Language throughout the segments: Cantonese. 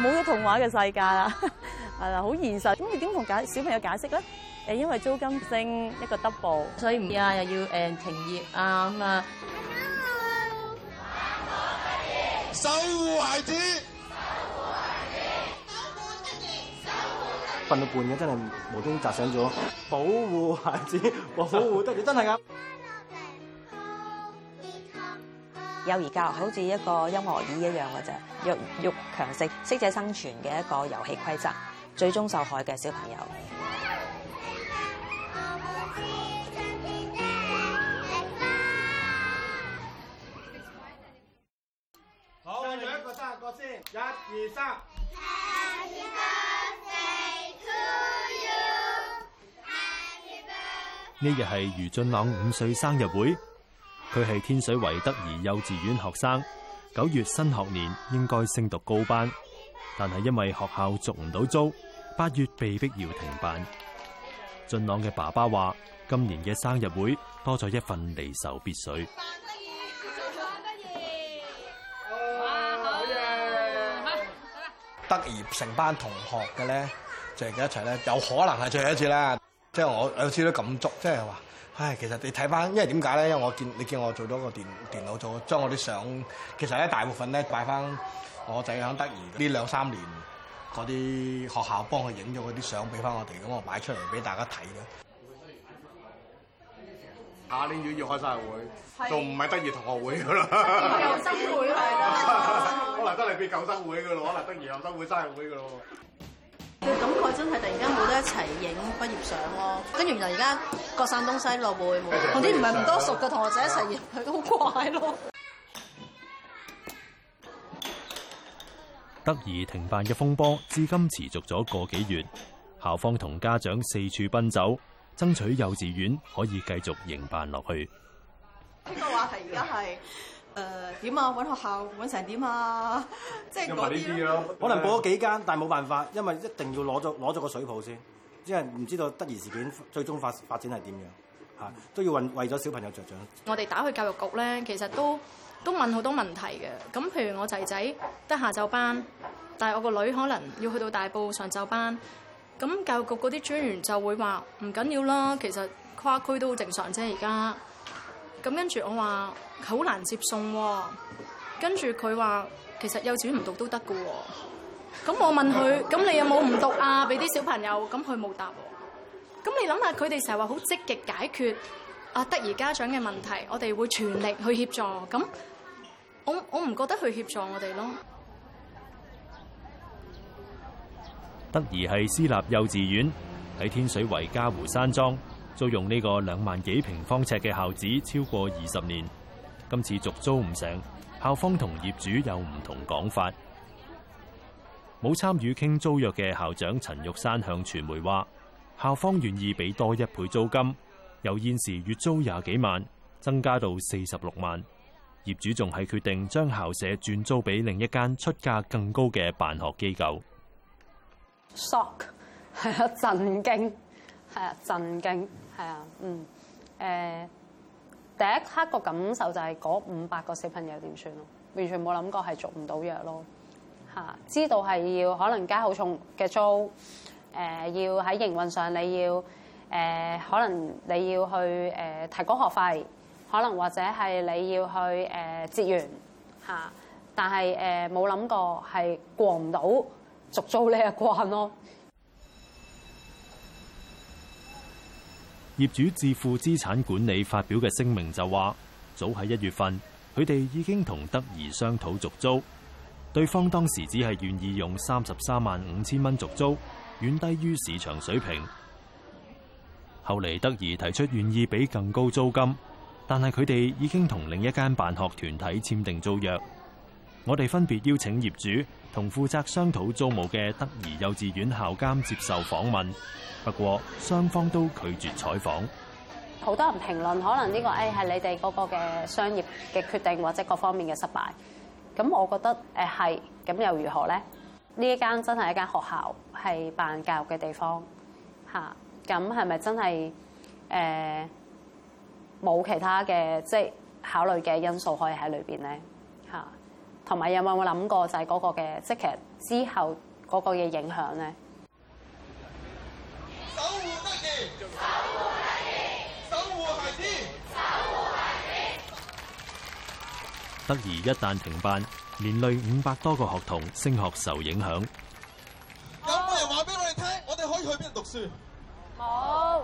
冇咗童話嘅世界啦，係啦，好現實。咁你點同解小朋友解釋咧？因為租金升一個 double，所以唔要又要停業啊咁啊。守護孩子，守護孩子，守護孩子，守護得住，瞓到半夜，真係無端砸醒咗，保護孩子，保護得嚟，真係㗎。幼兒教育好似一個音樂椅一樣嘅啫，弱肉強食、適者生存嘅一個遊戲規則，最終受害嘅小朋友。好，唱兩個三下歌先，一二三。呢日係余俊朗五歲生日會。佢係天水圍德怡幼稚園學生，九月新學年應該升讀高班，但係因為學校續唔到租，八月被逼要停辦。俊朗嘅爸爸話：今年嘅生日會多咗一份離愁別緒。得怡成、啊、班同學嘅咧，聚一齊咧，有可能係最後一次啦。即係我有啲都感觸，即係話，唉，其實你睇翻，因為點解咧？因為我見你見我做咗個電電腦做，做將我啲相，其實咧大部分咧擺翻我仔響德怡呢兩三年嗰啲學校幫佢影咗嗰啲相俾翻我哋，咁我擺出嚟俾大家睇嘅。下年要開生日會，仲唔係德怡同學會噶啦？又 生,生會係、啊、啦，可能德怡變舊生會噶咯，可能德怡又生,生會生日會噶咯。佢感覺真係突然間冇得一齊影畢業相咯，跟住就而家各散東西咯，會同啲唔係唔多熟嘅同學仔一齊，佢都好怪咯。德怡停辦嘅風波至今持續咗個幾月，校方同家長四處奔走，爭取幼稚園可以繼續營辦落去。呢個話題而家係。誒點啊？揾學校揾成點啊？即 係可能報咗幾間，但係冇辦法，因為一定要攞咗攞咗個水泡先，因為唔知道突然事件最終發發展係點樣嚇、嗯，都要運為咗小朋友着想。我哋打去教育局咧，其實都都問好多問題嘅。咁譬如我仔仔得下晝班，但係我個女可能要去到大埔上晝班，咁教育局嗰啲專員就會話唔緊要啦，其實跨區都好正常啫，而家。咁跟住我話好難接送喎，跟住佢話其實幼稚園唔讀都得嘅喎，咁我問佢，咁你有冇唔讀啊？俾啲小朋友，咁佢冇答喎。咁你諗下，佢哋成日話好積極解決啊，德怡家長嘅問題，我哋會全力去協助。咁我我唔覺得去協助我哋咯。德怡係私立幼稚園，喺天水圍嘉湖山莊。租用呢個兩萬幾平方尺嘅校址超過二十年，今次續租唔成，校方同業主有唔同講法。冇參與傾租約嘅校長陳玉山向傳媒話：校方願意俾多一倍租金，由現時月租廿幾萬增加到四十六萬，業主仲係決定將校舍轉租俾另一間出價更高嘅辦學機構。Shock，係啊，震驚。係啊，震驚，係啊，嗯，誒、呃、第一刻個感受就係嗰五百個小朋友點算咯，完全冇諗過係續唔到約咯，嚇知道係要可能加好重嘅租，誒、呃、要喺營運上你要誒、呃，可能你要去誒、呃、提高學費，可能或者係你要去誒節源嚇，但係誒冇諗過係過唔到續租呢一關咯。業主自負資產管理發表嘅聲明就話，早喺一月份，佢哋已經同德宜商討續租，對方當時只係願意用三十三萬五千蚊續租，遠低於市場水平。後嚟德宜提出願意俾更高租金，但係佢哋已經同另一間辦學團體簽訂租約。我哋分別邀請業主同負責商討租務嘅德怡幼稚園校監接受訪問，不過雙方都拒絕採訪。好多人評論，可能呢、這個誒係、哎、你哋嗰個嘅商業嘅決定或者各方面嘅失敗。咁我覺得誒係，咁又如何咧？呢一間真係一間學校，係辦教育嘅地方，吓，咁係咪真係誒冇其他嘅即係考慮嘅因素可以喺裏邊咧？同埋有冇有冇諗過就係嗰個嘅，即係其實之後嗰個嘅影響呢？德怡一旦停辦，連累五百多個學童升學受影響。有冇人話俾我哋聽？我哋可以去邊度讀書？冇，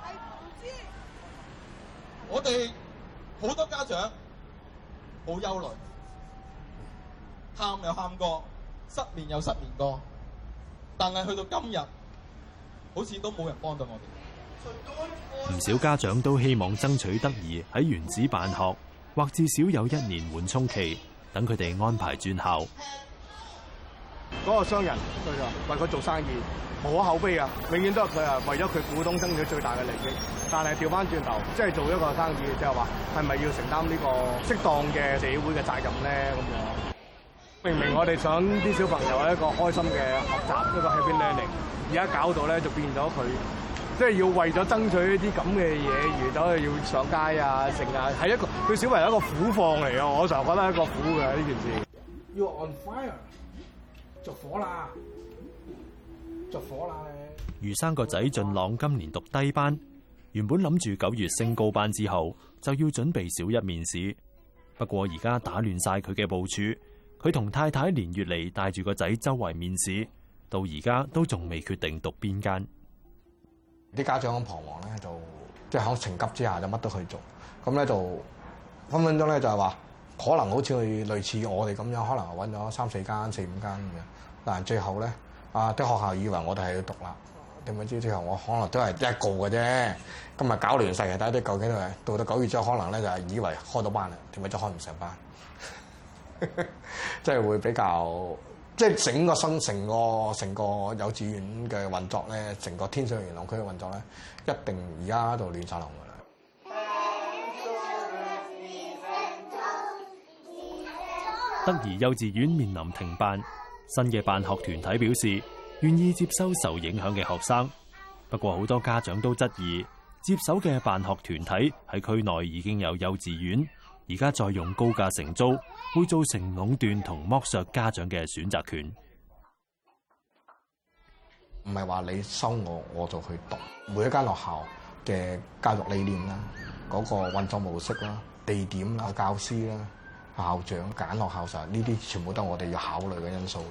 係唔知。我哋好多家長好憂慮。喊又喊過，失眠又失眠過，但係去到今日，好似都冇人幫到我哋。唔少家長都希望爭取得宜喺原址辦學，或至少有一年緩衝期，等佢哋安排轉校。嗰、那個商人對就為佢做生意無可厚非啊，永遠都係佢啊為咗佢股東爭取最大嘅利益。但係調翻轉頭，即、就、係、是、做一個生意，即係話係咪要承擔呢個適當嘅社會嘅責任咧？咁樣。.明明我哋想啲小朋友一個開心嘅學習，一個 Happy Learning，而家搞到咧就變咗佢，即係要為咗爭取一啲咁嘅嘢，遇到佢要上街啊，成啊，係一個佢小朋友一個苦況嚟呀。我成日覺得一個苦嘅呢件事。You're on fire！着火啦！着火啦！余生個仔俊朗今年讀低班，原本諗住九月升高班之後就要準備小一面試，不過而家打亂晒佢嘅部署。佢同太太連月嚟帶住個仔周圍面試，到而家都仲未決定讀邊間。啲家長咁彷徨咧，就即係喺情急之下就乜都去做，咁咧就分分鐘咧就係話可能好似類似我哋咁樣，可能揾咗三四間、四五間咁樣。但係最後咧，啊啲學校以為我哋係去讀啦，點未知最後我可能都係一個嘅啫，今日搞亂晒。大家都究竟係到到九月之後，可能咧就係以為開到班啦，點解就開唔成班？即 係會比較，即、就、係、是、整個新城個成個幼稚園嘅運作咧，成個天水圍元朗區嘅運作咧，一定現在都了得而家度亂曬龍㗎啦。德怡幼稚園面臨停辦，新嘅辦學團體表示願意接收受影響嘅學生，不過好多家長都質疑接手嘅辦學團體喺區內已經有幼稚園。而家再用高價承租，會造成壟斷同剝削家長嘅選擇權。唔係話你收我，我就去讀。每一間學校嘅教育理念啦，嗰個運作模式啦，地點啦，教師啦，校長揀學校上，呢啲全部都係我哋要考慮嘅因素嚟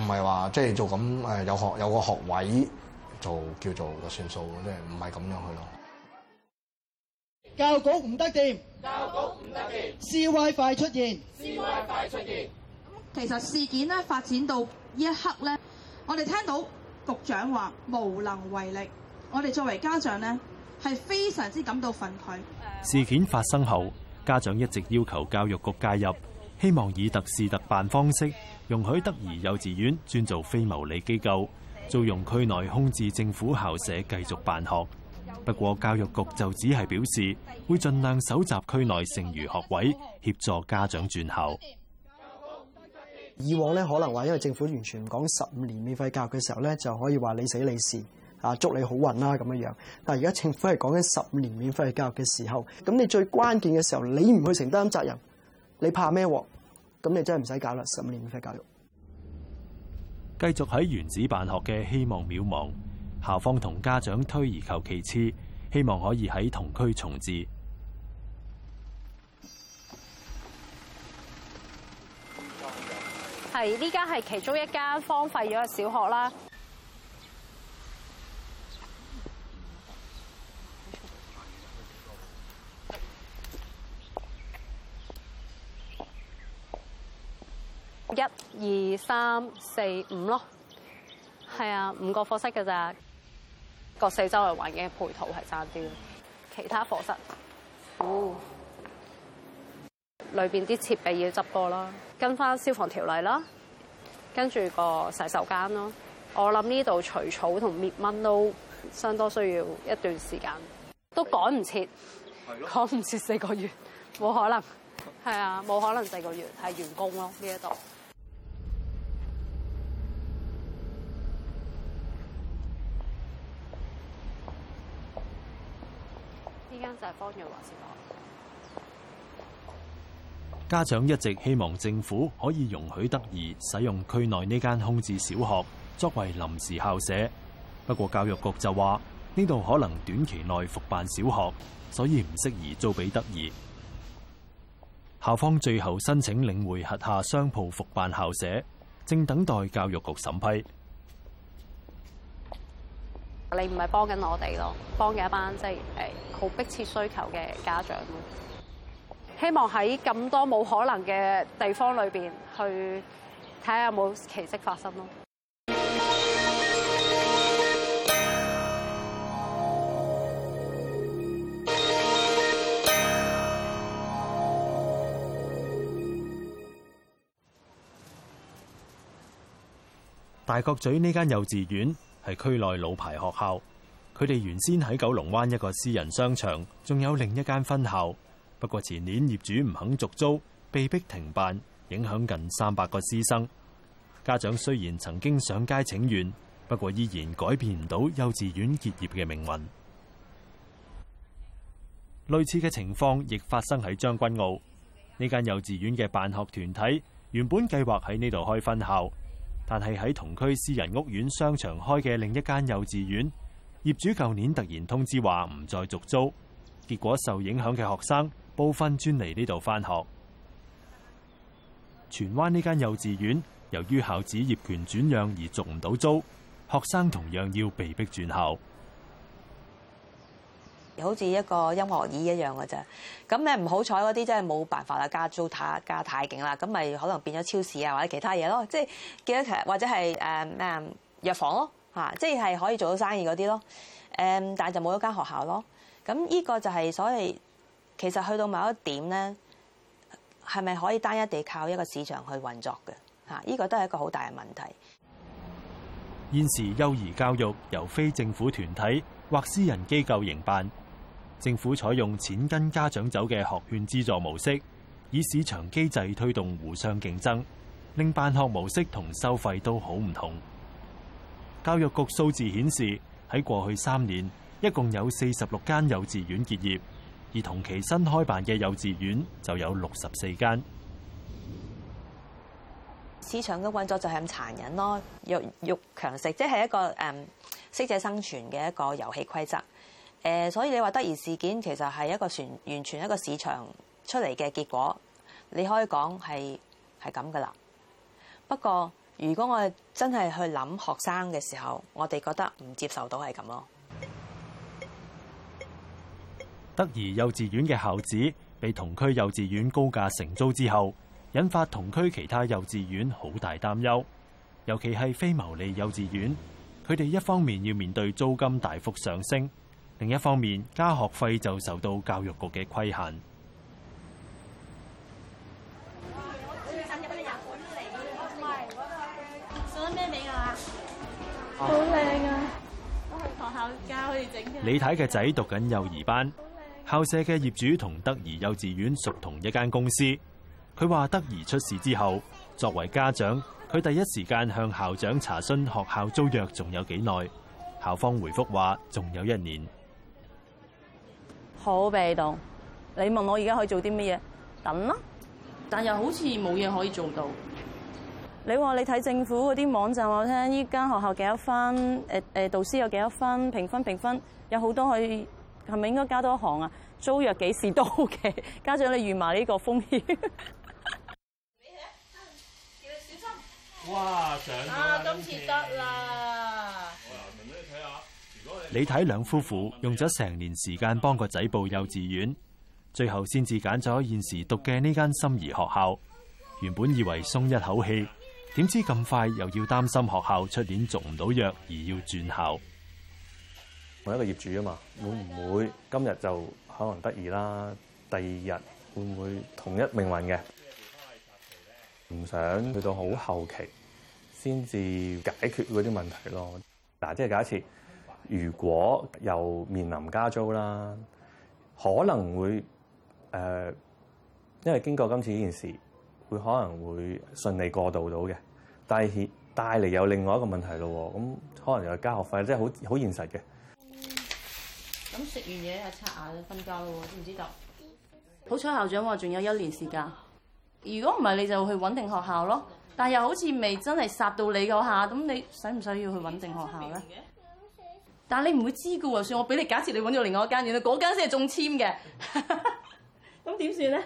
嘅。唔係話即係做咁誒，有學有個學位就叫做就算數，即係唔係咁樣去咯。教局唔得掂，教局唔得掂，私歪快出現，私歪快出現，咁其實事件咧發展到一刻咧，我哋聽到局長話無能為力，我哋作為家長咧係非常之感到憤慨。事件發生後，家長一直要求教育局介入，希望以特事特辦方式容許德怡幼稚園轉做非牟利機構，租用區內空置政府校舍繼續辦學。不過教育局就只係表示會盡量搜集區內剩餘學位，協助家長轉校。以往咧可能話，因為政府完全唔講十五年免費教育嘅時候咧，就可以話你死你事啊，祝你好運啦咁樣樣。但係而家政府係講緊十五年免費教育嘅時候，咁你最關鍵嘅時候你唔去承擔責任，你怕咩？咁你真係唔使搞啦！十五年免費教育，繼續喺原址辦學嘅希望渺茫。校方同家長推而求其次，希望可以喺同區重置。係，呢間係其中一間荒廢咗嘅小學啦。一二三四五咯，係啊，五個課室㗎咋。個四周嘅環境嘅配套係爭啲，其他課室，哦，裏邊啲設備要執過啦，跟翻消防條例啦，跟住個洗手間咯，我諗呢度除草同滅蚊都相當需要一段時間，都趕唔切，係咯，趕唔切四個月，冇可能，係啊，冇可能四個月係完工咯呢一度。家長一直希望政府可以容許德怡使用區內呢間空置小學作為臨時校舍，不過教育局就話呢度可能短期內復辦小學，所以唔適宜租俾德怡校方。最後申請領回轄下商鋪復辦校舍，正等待教育局審批。你唔係幫緊我哋咯，幫緊一班即係誒好迫切需求嘅家長咯。希望喺咁多冇可能嘅地方裏邊，去睇下有冇奇蹟發生咯。大角咀呢間幼稚園。係區內老牌學校，佢哋原先喺九龍灣一個私人商場，仲有另一間分校。不過前年業主唔肯續租，被逼停辦，影響近三百個師生。家長雖然曾經上街請願，不過依然改變唔到幼稚園結業嘅命運。類似嘅情況亦發生喺將軍澳。呢間幼稚園嘅辦學團體，原本計劃喺呢度開分校。但係喺同區私人屋苑商場開嘅另一間幼稚園，業主舊年突然通知話唔再續租，結果受影響嘅學生部分轉嚟呢度返學。荃灣呢間幼稚園，由於校址業權轉讓而續唔到租，學生同樣要被逼轉校。好似一個音樂椅一樣嘅啫，咁你唔好彩嗰啲真係冇辦法啦，加租太加太勁啦，咁咪可能變咗超市啊或者其他嘢咯，嗯嗯、咯，即係記得其實或者係誒咩藥房咯嚇，即係可以做到生意嗰啲咯，但就冇咗間學校咯，咁呢個就係所謂其實去到某一點咧，係咪可以單一地靠一個市場去運作嘅嚇？呢、啊呢個都係一個好大嘅問題。現時幼兒教育由非政府團體或私人機構營辦。政府採用錢跟家長走嘅學券資助模式，以市場機制推動互相競爭，令辦學模式同收費都好唔同。教育局數字顯示，喺過去三年，一共有四十六間幼稚園結業，而同期新開辦嘅幼稚園就有六十四間。市場嘅運作就係咁殘忍咯，弱肉，肉強食，即係一個誒適者生存嘅一個遊戲規則。誒，所以你話德怡事件其實係一個全完全一個市場出嚟嘅結果，你可以講係係咁噶啦。不過，如果我真係去諗學生嘅時候，我哋覺得唔接受到係咁咯。德怡幼稚園嘅校址被同區幼稚園高價承租之後，引發同區其他幼稚園好大擔憂，尤其係非牟利幼稚園，佢哋一方面要面對租金大幅上升。另一方面，加學費就受到教育局嘅規限。送咗咩俾我啊？好靚啊！學校教佢哋整嘅。李太嘅仔讀緊幼兒班，校舍嘅業主同德怡幼稚園屬同一間公司。佢話：德怡出事之後，作為家長，佢第一時間向校長查詢學校租約仲有幾耐。校方回覆話：仲有一年。好被動，你問我而家可以做啲乜嘢？等咯。但又好似冇嘢可以做到。你話你睇政府嗰啲網站，我聽依間學校幾多分？誒誒，導師有幾多分？評分評分，有好多可以係咪應該加多行啊？租約幾時到期？家長你預埋呢個風險。 小心哇！上啊,啊！今次得啦～李太兩夫婦用咗成年時間幫個仔報幼稚園，最後先至揀咗現時讀嘅呢間心儀學校。原本以為鬆一口氣，點知咁快又要擔心學校出年續唔到約而要轉校。我一個業主啊嘛，會唔會今日就可能得意啦？第二日會唔會同一命運嘅？唔想去到好後期先至解決嗰啲問題咯。嗱，即係假設。如果又面臨加租啦，可能會誒、呃，因為經過今次呢件事，會可能會順利過渡到嘅。但係帶嚟有另外一個問題咯，咁可能又交學費，即係好好現實嘅。咁、嗯、食完嘢，刷牙，瞓覺咯喎，知唔知道？好彩校長話仲有一年時間。如果唔係，你就去揾定學校咯。但係又好似未真係殺到你嗰下，咁你使唔使要去揾定學校咧？但你唔會知嘅喎，算我俾你假設，你揾到另外一間，原來，嗰間先係中籤嘅，咁點算呢？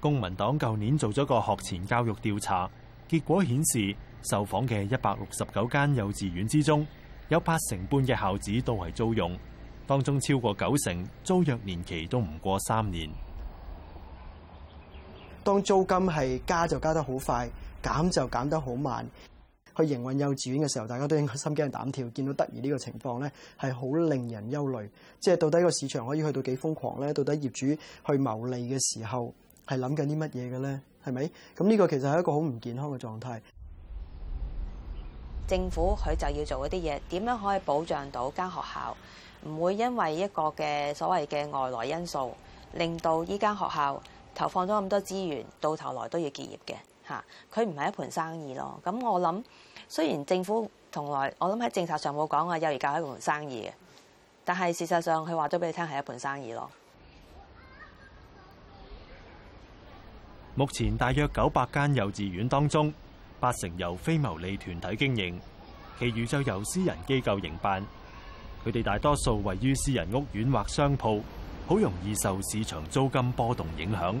公民黨舊年做咗個學前教育調查，結果顯示受訪嘅一百六十九間幼稚園之中，有八成半嘅校址都係租用，當中超過九成租約年期都唔過三年。當租金係加就加得好快，減就減得好慢。去營運幼稚園嘅時候，大家都應該心驚膽跳。見到德怡呢個情況呢，係好令人憂慮。即係到底個市場可以去到幾瘋狂呢？到底業主去謀利嘅時候係諗緊啲乜嘢嘅呢？係咪？咁呢個其實係一個好唔健康嘅狀態。政府佢就要做一啲嘢，點樣可以保障到間學校唔會因為一個嘅所謂嘅外來因素，令到依間學校投放咗咁多資源，到頭來都要結業嘅。嚇，佢唔係一盤生意咯。咁我諗，雖然政府同來，我諗喺政策上冇講話，幼兒教育係一盤生意嘅，但係事實上佢話咗俾你聽係一盤生意咯。目前大約九百間幼稚園當中，八成由非牟利團體經營，其餘就由私人機構營辦。佢哋大多數位於私人屋苑或商鋪，好容易受市場租金波動影響。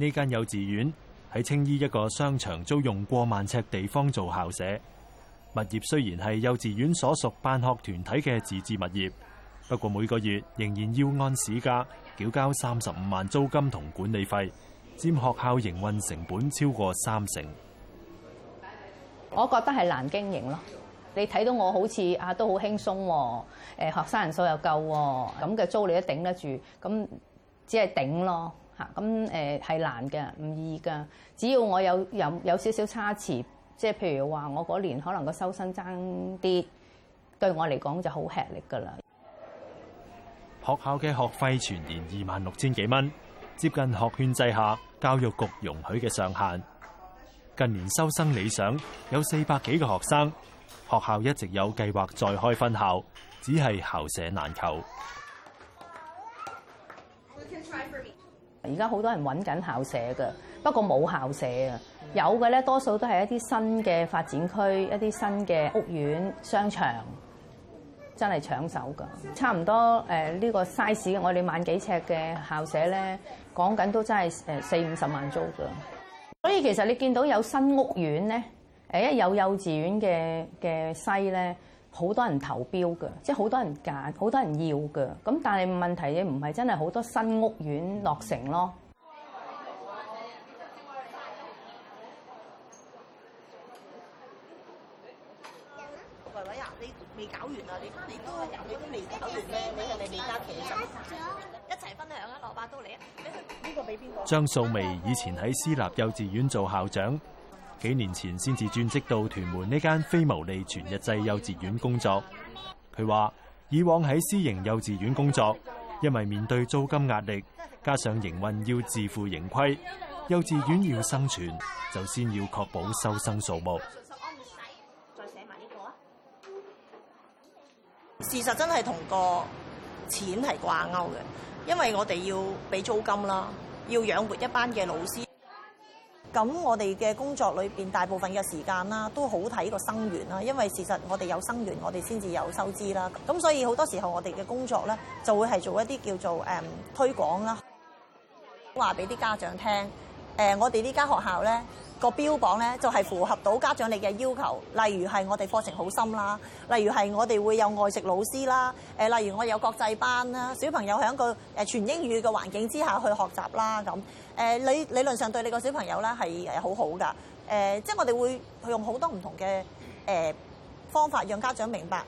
呢間幼稚園喺青衣一個商場租用過萬尺地方做校舍，物業雖然係幼稚園所屬辦學團體嘅自置物業，不過每個月仍然要按市價繳交三十五萬租金同管理費，佔學校營運成本超過三成。我覺得係難經營咯。你睇到，我好似啊都好輕鬆，誒，學生人數又夠，咁嘅租你都頂得住，咁只係頂咯。.咁誒係難嘅，唔易噶。只要我有有有少少差池，即係譬如話，我嗰年可能個收生爭啲，對我嚟講就好吃力㗎啦。學校嘅學費全年二萬六千幾蚊，接近學券制下教育局容許嘅上限。近年收生理想，有四百幾個學生，學校一直有計劃再開分校，只係校舍難求。而家好多人揾緊校舍㗎，不過冇校舍啊，有嘅咧多數都係一啲新嘅發展區，一啲新嘅屋苑商場真係搶手㗎。差唔多誒呢個 size，我哋萬幾尺嘅校舍咧，講緊都真係誒四五十萬租㗎。所以其實你見到有新屋苑咧，誒一有幼稚園嘅嘅西咧。好多人投標㗎，即係好多人揀，好多人要㗎。咁但係問題嘅唔係真係好多新屋苑落成咯。喂喂，你未搞完啊！你你都你都未搞完咩？你有冇假期一齊分享啊！蘿蔔刀嚟啊！呢個俾邊個？張素眉以前喺私立幼稚園做校長。幾年前先至轉職到屯門呢間非牟利全日制幼稚園工作。佢話：以往喺私營幼稚園工作，因為面對租金壓力，加上營運要自負盈虧，幼稚園要生存就先要確保收生數目。事實真係同個錢係掛鈎嘅，因為我哋要俾租金啦，要養活一班嘅老師。咁我哋嘅工作裏面大部分嘅時間啦，都好睇個生源啦，因為事實我哋有生源，我哋先至有收支啦。咁所以好多時候我哋嘅工作咧，就會係做一啲叫做誒推廣啦，話俾啲家長聽。誒、呃，我哋呢間學校呢、那個標榜呢，就係、是、符合到家長你嘅要求，例如係我哋課程好深啦，例如係我哋會有外籍老師啦、呃，例如我有國際班啦，小朋友喺個全英語嘅環境之下去學習啦，咁理、呃、理論上對你個小朋友呢係好好㗎、呃，即係我哋會用好多唔同嘅、呃、方法，讓家長明白，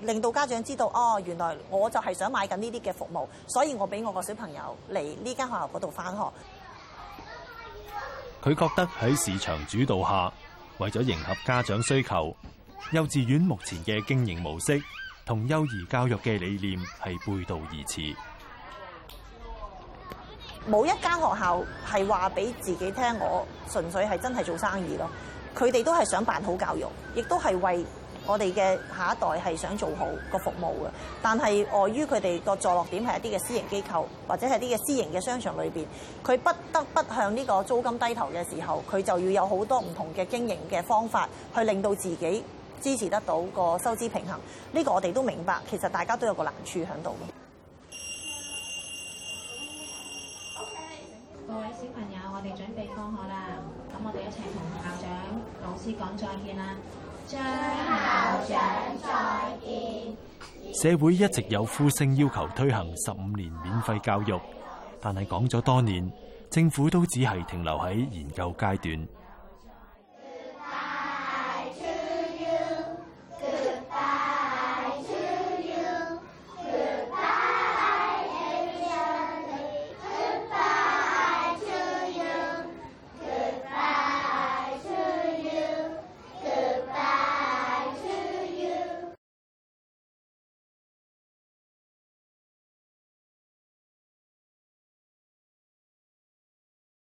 令到家長知道，哦，原來我就係想買緊呢啲嘅服務，所以我俾我個小朋友嚟呢間學校嗰度返學。佢覺得喺市場主導下，為咗迎合家長需求，幼稚園目前嘅經營模式同幼兒教育嘅理念係背道而馳。冇一間學校係話俾自己聽，我純粹係真係做生意咯。佢哋都係想辦好教育，亦都係為我哋嘅下一代係想做好個服務嘅，但係礙於佢哋個坐落點係一啲嘅私營機構或者係啲嘅私營嘅商場裏邊，佢不得不向呢個租金低頭嘅時候，佢就要有好多唔同嘅經營嘅方法，去令到自己支持得到個收支平衡。呢個我哋都明白，其實大家都有個難處響度嘅。Okay. 各位小朋友，我哋準備放學啦，咁我哋一齊同校長老師講再見啦。張校長再見。社會一直有呼聲要求推行十五年免費教育，但係講咗多年，政府都只係停留喺研究階段。